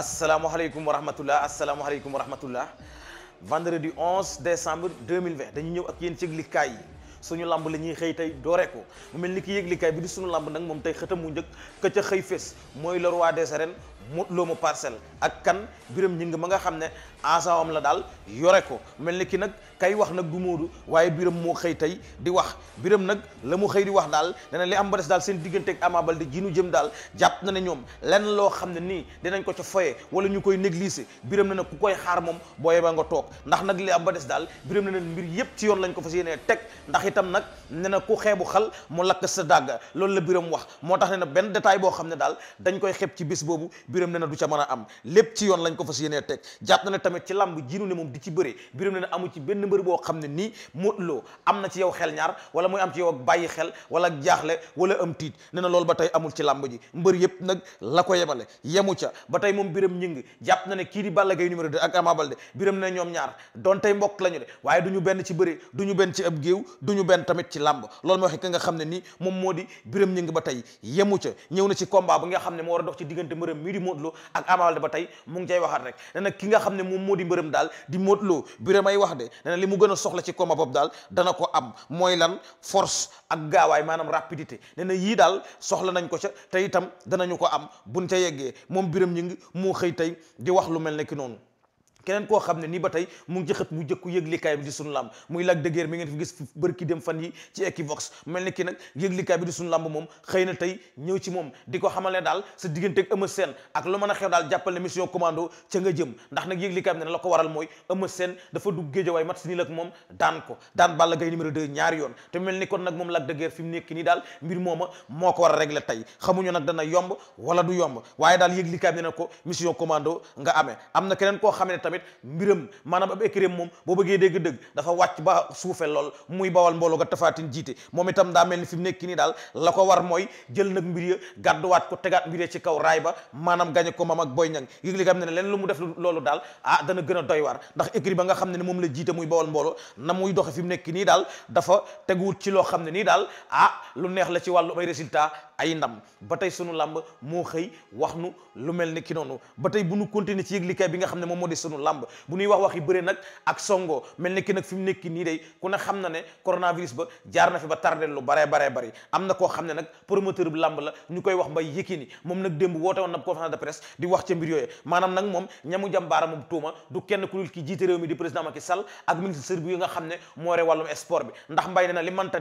asalaamaaleykum wa rahmatullah asalaamaaleykum wa rahmatullah vendredi 11 décembre 2020 dañu ñëw ak yéen ci yëglikaay yi suñu lamb la ñuy xëy tey dooree ko mu mel ni ki yëglikaay bi di suñu lamb nag moom tey xëtam mu njëkk ka ca xëy fés mooy le roi des ren Modou loo mu parcelle ak kan biram ñi ngi ma nga xam ne asawam la daal yore ko mel ni ki nag kay wax nag du Modou waaye biram moo xëy tey di wax biram nag la mu xëy di wax daal dana li am ba des daal seen diggante Ama Baldé ji nu jëm daal jàpp na ne ñoom lenn loo xam ne nii dinañ ko ca foye wala ñu koy négliger biram na ne ku koy xaar moom booye ba nga toog ndax nag li am ba des daal biram na ne mbir yépp ci yoon lañ ko fas yéenee teg ndax itam nag ne na ku xeebu xal mu lakk sa dàgga loolu la biram wax moo tax ne na benn détail boo xam ne daal dañ koy xeeb ci bis boobu biram ne na du ca mën a am lépp ci yoon lañ ko fas yéenee teg jàpp na ne tamit ci lamb jiinu ne moom di ci bëre biram ne na na ci ba amul ci lamb ji mbër yépp nag la ko yebale yemu ca ba tey moom biram ñëng jàpp na ne kii di Balla Gaye numéro 2 ak Ama Baldé biram ne ñoom ñaar doon tey mbokk la ñu de waaye du ñu benn ci bëre du ñu benn ci ab géew du ñu benn tamit ci lamb loolu mooy waxe ka nga xam ne nii moom moo di biram ñëng ba tey yemu ca ñëw na ci combat bi nga xam ne moo war a dox ci diggante mbërëm mii di Modou Lo ak Ama Baldé ba tey mu ngi cay waxaat rek ne na ki nga xam ne moom moo di mbërëm daal di Modou Lo biram ay wax de ne li mu gën a soxla ci combat boobu daal dana ko am mooy lan force ak gaawaay maanaam rapidité ne na yii daal soxla nañ ko ca tey itam danañu ko am buñ ca yeggee moom biram ñu ngi moo xëy tey di wax lu mel ne ki noonu keneen koo xam ne nii ba tey mu ngi jëxat mu jëkku yëglikaay bi di sunu làmb muy Lac de Guiers ngeen fi gis bërki dem fan yi ci Equivox mel ni ki nag yëglikaay bi di sunu làmb moom xëy na tey ñëw ci moom di ko xamal daal sa diggante ak Eumeu Sène ak lu mën a xew daal jàppal ne mission commando ca ndax nag yëglikaay bi la ko waral mooy Eumeu Sène dafa dugg géejawaay mat moom daan ko daan Balla Gaye numéro de ñaari yoon te mel ni kon nag moom Lac de Guiers fi mu nekk nii daal mbir mooma moo ko war a régler tey xamuñu nag dana yomb wala du yomb waaye daal yëglikaay bi ne ko mission commando nga amee am na keneen koo xam ne tamit tamit mbiram maanaam ab écrim moom boo bëggee dégg dëgg dafa wàcc ba suufe lool muy bawal mbooloo ga jiite moom itam daa mel ni fi nekk nii daal la ko war mooy jël nag mbir ya gàdduwaat ko tegaat mbir ya ci kaw raay ba maanaam gañe ko mam ak boy ñang yëg li nga xam ne leen lu mu def ah a nga xam ne na muy doxe fi mu nii daal ne nii daal ah lu neex la ci wàllu ay résultat ay ndam ba tey sunu làmb moo xëy wax nu lu mel ni ki noonu ba tey bu nu continuer ci yëglikaay bi nga xam ne moom moo di sunu làmb bu ñuy wax waxi bëre nag ak songo mel ni nag fi nekki nii day ku ne xam ne coronavirus ba jaar na fi ba tardel lu baree baree bari am na koo xam ne nag promoteur bu làmb la ñu koy wax Mbaye Yékini moom nag démb woote woon na conférence de di wax ca mbir yooyu maanaam nag moom ñamu jam moom tuuma du kenn ku dul ki jiite réew mi di président Macky Sall ak ministre bi yi nga xam ne moo re wàllum bi ndax mbay ne li manta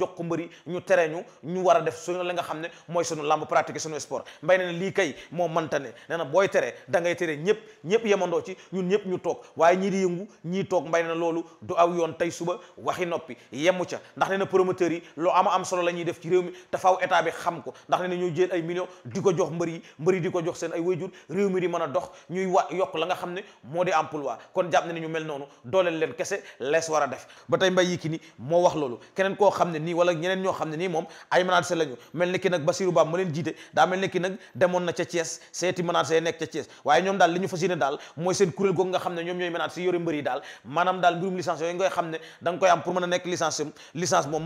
jox mbëri ñu tere ñu ñu war a def suñu la nga xam ne mooy suñu lamb pratique suñu sport mbay ne lii kay moo mënta ne na booy tere da ngay tere ñëpp ñëpp yemandoo ci ñun ñëpp ñu toog waaye ñii di yëngu ñii toog mbay na loolu du aw yoon tey suba waxi noppi yemu ca ndax nee na promoteurs yi loo ama am solo la ñuy def ci réew mi te faw état bi xam ko ndax nee na ñuy jël ay millions di ko jox mbër yi mbër di ko jox seen ay wayjur réew mi di mën a dox ñuy wa yokk la nga xam ne moo di emploi kon jàpp na ni ñu mel noonu dooleel leen kese lees war a def ba tey nii ñeneen ñoo xam ne nii moom ay menaces lañu mel ni nag Ba ma leen jiite demoon na ca Thiès seeti menaces yi nekk ca Thiès waaye ñoom daal li fas yéene ne daal maanaam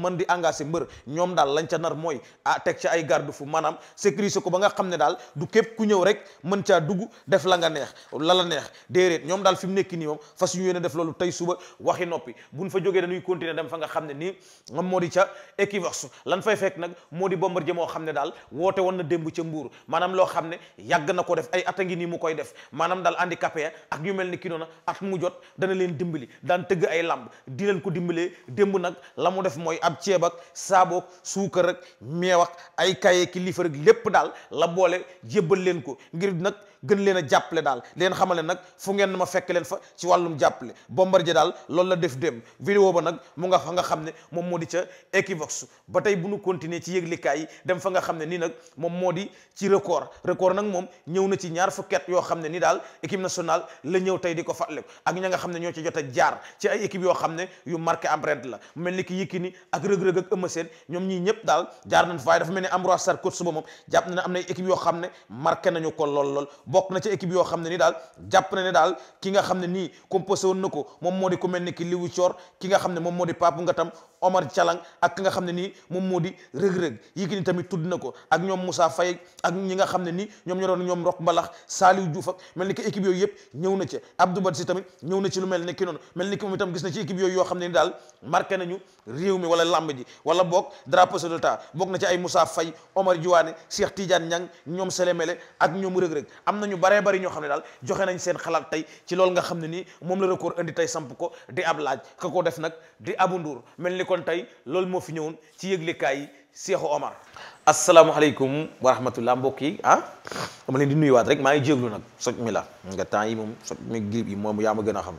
daal a lañ ca nar mooy teg ca ay garde fu maanaam sécuriser ko ba nga xam ne daal du képp ku ñëw rek mën caa dugg def la nga neex la la neex déedéet ñoom daal fi mu nii moom fas ñu yéene def loolu tey suba waxi noppi buñ fa jógee dañuy continuer dem fa nga xam ne nii moom moo di ca Equivox lan fay fekk nag moo di bombar Bombardier moo xam ne daal woote woon na démb ca Mbuur maanaam loo xam ne yàgg na ko def ay at a ngi nii mu koy def maanaam daal andi handicapé ak ñu mel ni ki noona at mu jot dana leen dimbali daan tëgg ay lamb di leen ko dimbalee démb nag la mu def mooy ab ceebak ak saaboog suukar ak meew ak ay kaye ki liifar ak lépp daal la boole jébbal leen ko ngir nag gën leen a jàppale daal leen xamal ne nag fu ngeen ma fekk leen fa ci wàllum jàppale Bombardier daal loolu la def dem vidéo ba nag mu nga fa nga xam ne moom moo di ca Equivox ba tey bu nu continuer ci yëglikaay yi dem fa nga xam ne nii nag moom moo di ci record record nag moom ñëw na ci ñaar fukket yoo xam ne ni daal équipe nationale la ñëw tey di ko fa fàttaliku ak ña nga xam ne ñoo ci jot a jaar ci ay équipe yoo xam ne yu marqué empreinte la mel ni ki Yékini ak rëg-rëg ak Eumeu Sène ñoom ñii ñëpp daal jaar na fa waaye dafa mel ni Ambroise Sarr coach ba moom jàpp am na équipe yoo xam ne marqué nañu ko lool lool bokk na ci équipe yoo xam ne ni daal jàpp na ne daal ki nga xam ne nii composé woon na ko moom moo di ku mel ni ki Liwu Thior ki nga xam ne moom moo di Pape Ngatam Omar Calang ak ki nga xam ne nii moom moo di rëg-rëg Yékini tamit tudd na ko ak ñoom Moussa Faye ak ñi nga xam ne nii ñoom ñoo doon ñoom Rock Mbalax Saliou Diouf ak mel ni ki équipe yooyu yëpp ñëw na ci Abdou Badji tamit ñëw na ci lu mel ni ki noonu mel ni ki moom itam na ci équipe yooyu yoo xam ne daal marqué nañu réew mi wala lamb ji wala boog drapeau de l'État na ci ay Moussa Faye Omar Diouane Cheikh Tidiane Niang ñoom Sélémélé ak ñoom rëg-rëg am nañu ñu baree bari ñoo xam ne daal joxe nañ seen xalaat tey ci lool nga xam ne nii moom la record indi tey samp ko di ab laaj ka ko def nag di abu nduur mel ni kon tey loolu moo fi ñëwoon ci yëglekaay yi Seexu Omar. asalaamaaleykum wa rahmatullah mbokk yi ah dama leen di nuyuwaat rek maa ngi jéglu nag soj mi la nga temps yi moom soj mi grippe yi moom yaa ma gën a xam.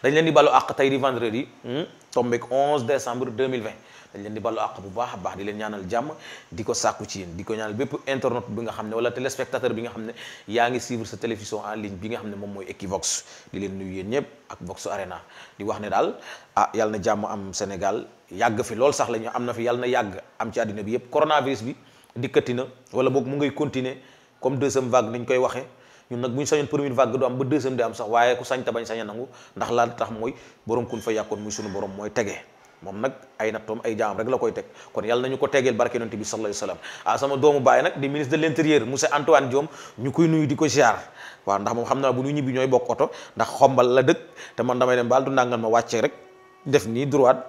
dañ leen di ballu àq tey di vendredi hmm, tombeek 11 décembre dañ leen di ballu àq bu baax a baax di leen ñaanal jàmm di ko sàkku ci yéen di ko ñaanal bépp internaute bi nga xam ne wala téléspectateur bi nga xam ne yaa ngi suivre sa télévision en ligne bi nga xam ne moom mooy Equivox di leen nuyu yéen ñëpp ak Vox Arena di wax ne daal ah yàlla na jàmm am Sénégal yàgg fi lool sax la ñu am na fi yàlla na yàgg am ci àddina bi yëpp coronavirus bi dikkati na wala boog mu ngay continuer comme deuxième vague ni ñu ñun nag bu ñu sañoon première vague du am ba deuxième di am sax waaye ku sañ te bañ sañ a nangu ndax laa tax mooy borom kun fa yàkkoon muy sunu borom mooy tege moom nag ay nattoom ay jaam rek la koy teg kon yàlla ñu ko tegeel barke yonent bi sallallahu alayhi wasallam ah sama doomu baay nag di ministre de l'intérieur monsieur Antoine Diome ñu koy nuyu di ko ziar waaw ndax moom xam naa bu ñu ñibbi ñooy bokk oto ndax xombal la dëkk te man damay dem baal du nangal ma wàccee rek def nii droite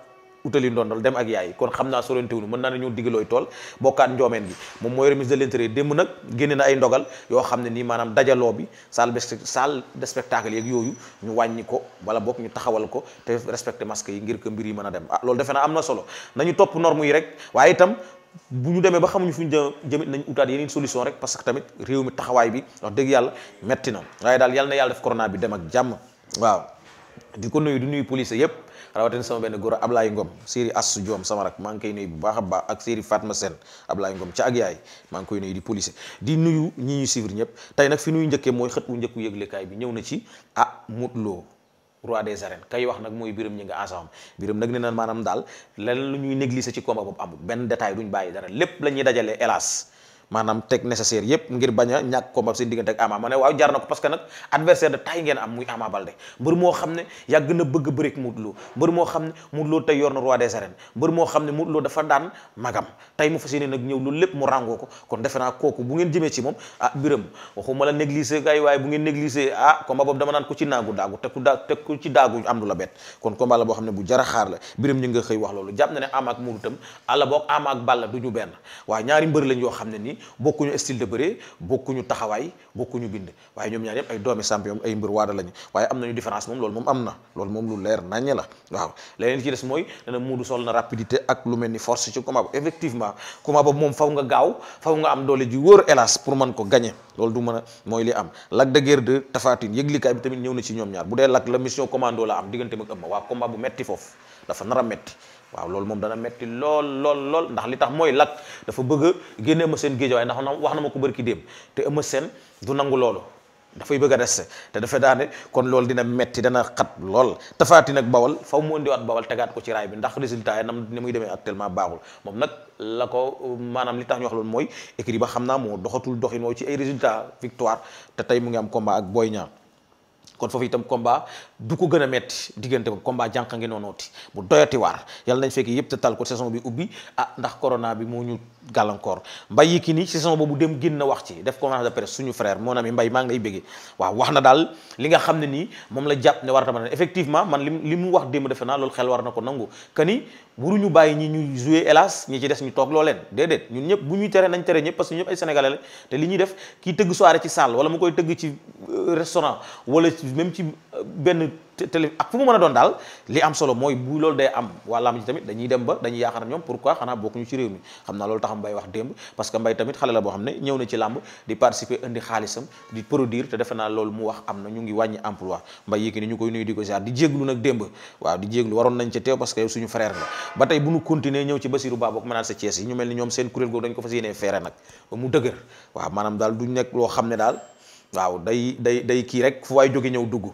utali ndondal dem ak yaay kon xam naa sorentewunu mën naa ne ñoo digalooy tool bokkaat njoomeen gi moom moo yore ministre de l'intérieur démb nag génne na ay ndogal yoo xam ne nii maanaam dajaloo bi salle salle de spectacle yeeg yooyu ñu wàññi ko wala bokk ñu taxawal ko te respecté masque yi ngir que mbir yi mën a dem ah loolu defe naa am na solo nañu topp norme yi rek waaye itam bu ñu demee ba xamuñu fu ñu jëmit nañ utaat yeneen solution rek parce que tamit réew mi taxawaay bi wax dëgg yàlla metti na waaye daal yàlla yàlla def corona bi dem ak jàmm waaw di ko nuyu di nuyu police yëpp rawatina sama benn góor Ablaye Ngom Siri Assu Diom sama rak maa ngi koy nuyu bu baax a baax faat Siri Fatma Sène Ablaye Ngom ca ak yaay maa ngi koy nuyu di police di nuyu ñi ñu suivre ñëpp tey nag fi nuyu njëkkee mooy xët wu njëkku yëglekaay bi ñëw na ci ah Modou Lo roi des arènes kay wax nag mooy biram ñi nga asam biram nag ne na maanaam daal leneen lu ñuy négliger ci combat boobu amul benn détail duñ bàyyi dara lépp la ñuy dajalee hélas maanaam teg nécessaire yépp ngir bañ a ñàkk combat seen diggante ak Ama ma ne waaw jar na ko parce am muy Ama Baldé mbër ne yàgg na bëgg bërik Modou Lo mbër moo xam ne Modou Lo xam ne Modou Lo dafa daan magam tey nag ñëw loolu lépp mu ràngoo ko kon defe naa kooku ngeen jëmee ci moom ah biram waxuma waaye bu ngeen négliger ah combat boobu dama naan ku ci naagu daagu te ku daa te ku ci daagu am du boo xam ne bu jara xaar la biram ñu nga xëy wax loolu jàpp na ak Modou tam àlla boog ak Balla du ñu benn waaye ñaari mbër lañ yoo xam ne nii bokkuñu style de bëre bokkuñu taxawaay bokkuñu bind waaye ñoom ñaar yëpp ay doomi champion ay mbir waada lañu waaye am nañu différence moom loolu moom am na loolu moom lu leer naññe la waaw leneen ci des mooy dana muudu sol ak lu mel ni force ci combat boobu moom faw nga gaaw faw nga am doole ji wóor hélas pour mën ko gagner loolu du mën a li am Lac de Guiers 2 Tapha Tine yëglikaay bi tamit ñëw na ci ñoom ñaar bu dee Lac la mission commando la am diggante mag ëmma waa combat bu metti foofu dafa nar metti waaw loolu moom dana metti lool lool lool ndax li tax mooy Lac dafa bëgg a génne Eumeu Sène géejawaay ndax wax na ma ko bërki démb te Eumeu seen du nangu loolu dafay bëgg a reste te dafa daane kon loolu dina metti dana xat lool tafaati nag bawal faw mu indiwaat bawal tegaat ko ci raay bi ndax résultat yi nam ni muy demee actuellement baaxul moom nag la ko maanaam li tax ñu wax loolu mooy écrit ba xam naa moo doxatul doxin woow ci ay résultat victoire te tey mu ngi am combat ak Boy Niang kon foofu itam combat du ko gën a metti diggante ba combat jànq ngi noonooti bu doyati waar yàlla nañ fekk yëpp te tal ko saison bi ubbi ah ndax corona bi moo ñu gàllankoor mbay yi ki ni saison boobu dem génn na wax ci def ko de presse suñu frère moo na mi mbay maa ngi lay bëggee waaw wax na daal li nga xam ne nii moom la jàpp ne war na mën a effectivement man li li mu wax démb defe naa loolu xel war na ko nangu que waruñu bàyyi ñi ñu jouer hélas ñi ci des ñu toog loo leen déedéet ñun ñëpp bu ñuy tere nañ tere ñëpp parce que ay sénégalais te li ñu def kii tëgg soirée ci salle wala mu koy tëgg ci euh, restaurant wala même ci euh, benn télé ak fu mu mën a doon daal li am solo mooy bu loolu day am waa lamb ji tamit dañuy dem ba dañuy yaakaar ñoom pourquoi xanaa bokkuñu ci réew mi xam naa loolu tax mbay wax démb parce que mbay tamit xale la ñu koy nuyu di ko ziar di jéeglu nag démb waaw di jéeglu waroon nañ ci teew parce que yow suñu frère la ba tey bu ñu continuer ñëw ci Basiru Ba bokk mënaan sa Thiès yi ñu mel ni ñoom seen kuréel googu dañ ko fas yéenee feere nag mu dëgër waaw day day day kii rek fu waay jóge ñëw dugg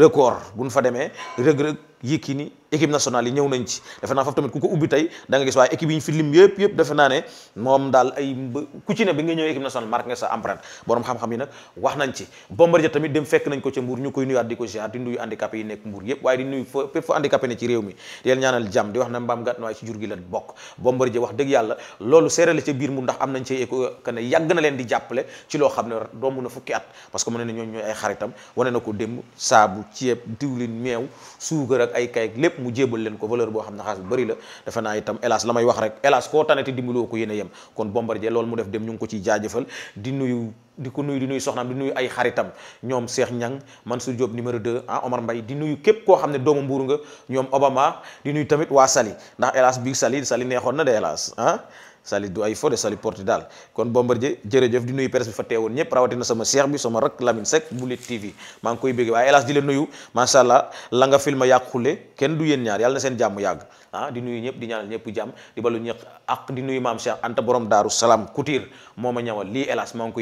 record bu nu fa demee rëg-rëg Yékini équipe nationale yi ñëw nañ ci defe naa foofu tamit ku ko ubbi tey da nga gis waaye équipe yi ñu fi lim yëpp yëpp defe naa ne moom daal ay ku ci ne bi nga ñëw équipe nationale marqué nga sa empreinte borom xam-xam di ko ziar di ne ci réew mi di ñaanal jàmm di wax na mbaam gàtt waaye ci jur gi la bokk Bombardier wax dëgg yàlla loolu seere ca biir mu ndax am nañ ci écho que yàgg na leen di jàppale ci loo xam ne doomu na fukki at parce que mu ne ne ñooñ ak ay kayit lépp mu jébal leen ko valeur boo xam ne xaalis bu bëri la dafa naa itam hélas la may wax rek hélas koo tanati dimbaloo ko yéen a yem kon Bombardier loolu mu def dem ñu ngi ko ciy jaajëfal di nuyu di ko nuyu di nuyu soxnaam di nuyu ay xaritam ñoom Cheikh man Mansour Diop numéro de ah Omar Mbaye di nuyu képp koo xam ne doomu mbuur nga ñoom Obama di nuyu tamit waa Sali ndax hélas bi Sali Sali neexoon na de hélas ah. Sali du ay fo de Sali Portudal kon Bombardier jërëjëf di nuyu presse bi fa teewoon ñëpp rawatina sama seex bi sama rak Lamine Seck bu TV maa nga koy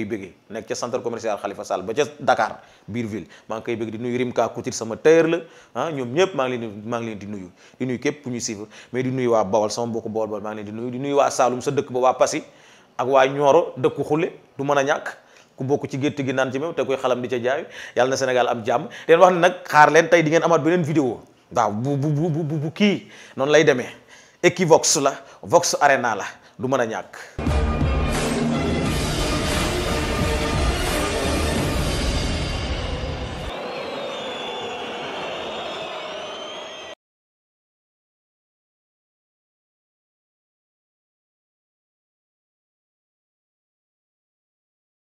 bëggee nekk ca centre commercial Khalifa Sall ba ca Dakar biir ville maa ngi koy bëgg di nuyu Rimka Couture sama tailleur la ah, ñoom ñëpp maa ngi leen di nuyu di nuyu képp ku ñu mais di nuyu waa Bawol sama mbokk Bawol Bawol maa ngi leen di nuyu di nuyu waa Saloum dëkk ba waa Passy ak waa ñooro dëkku xule du mën a ñàkk ku bokk ci gétt gi naan ci meew te koy xalam di ca jaay yàlla na Sénégal am jàmm leen wax ne nag xaar leen tey di ngeen amaat beneen vidéo waaw bu bu bu bu bu kii noonu lay demee Equivox la Vox Arena la du mën a ñàkk.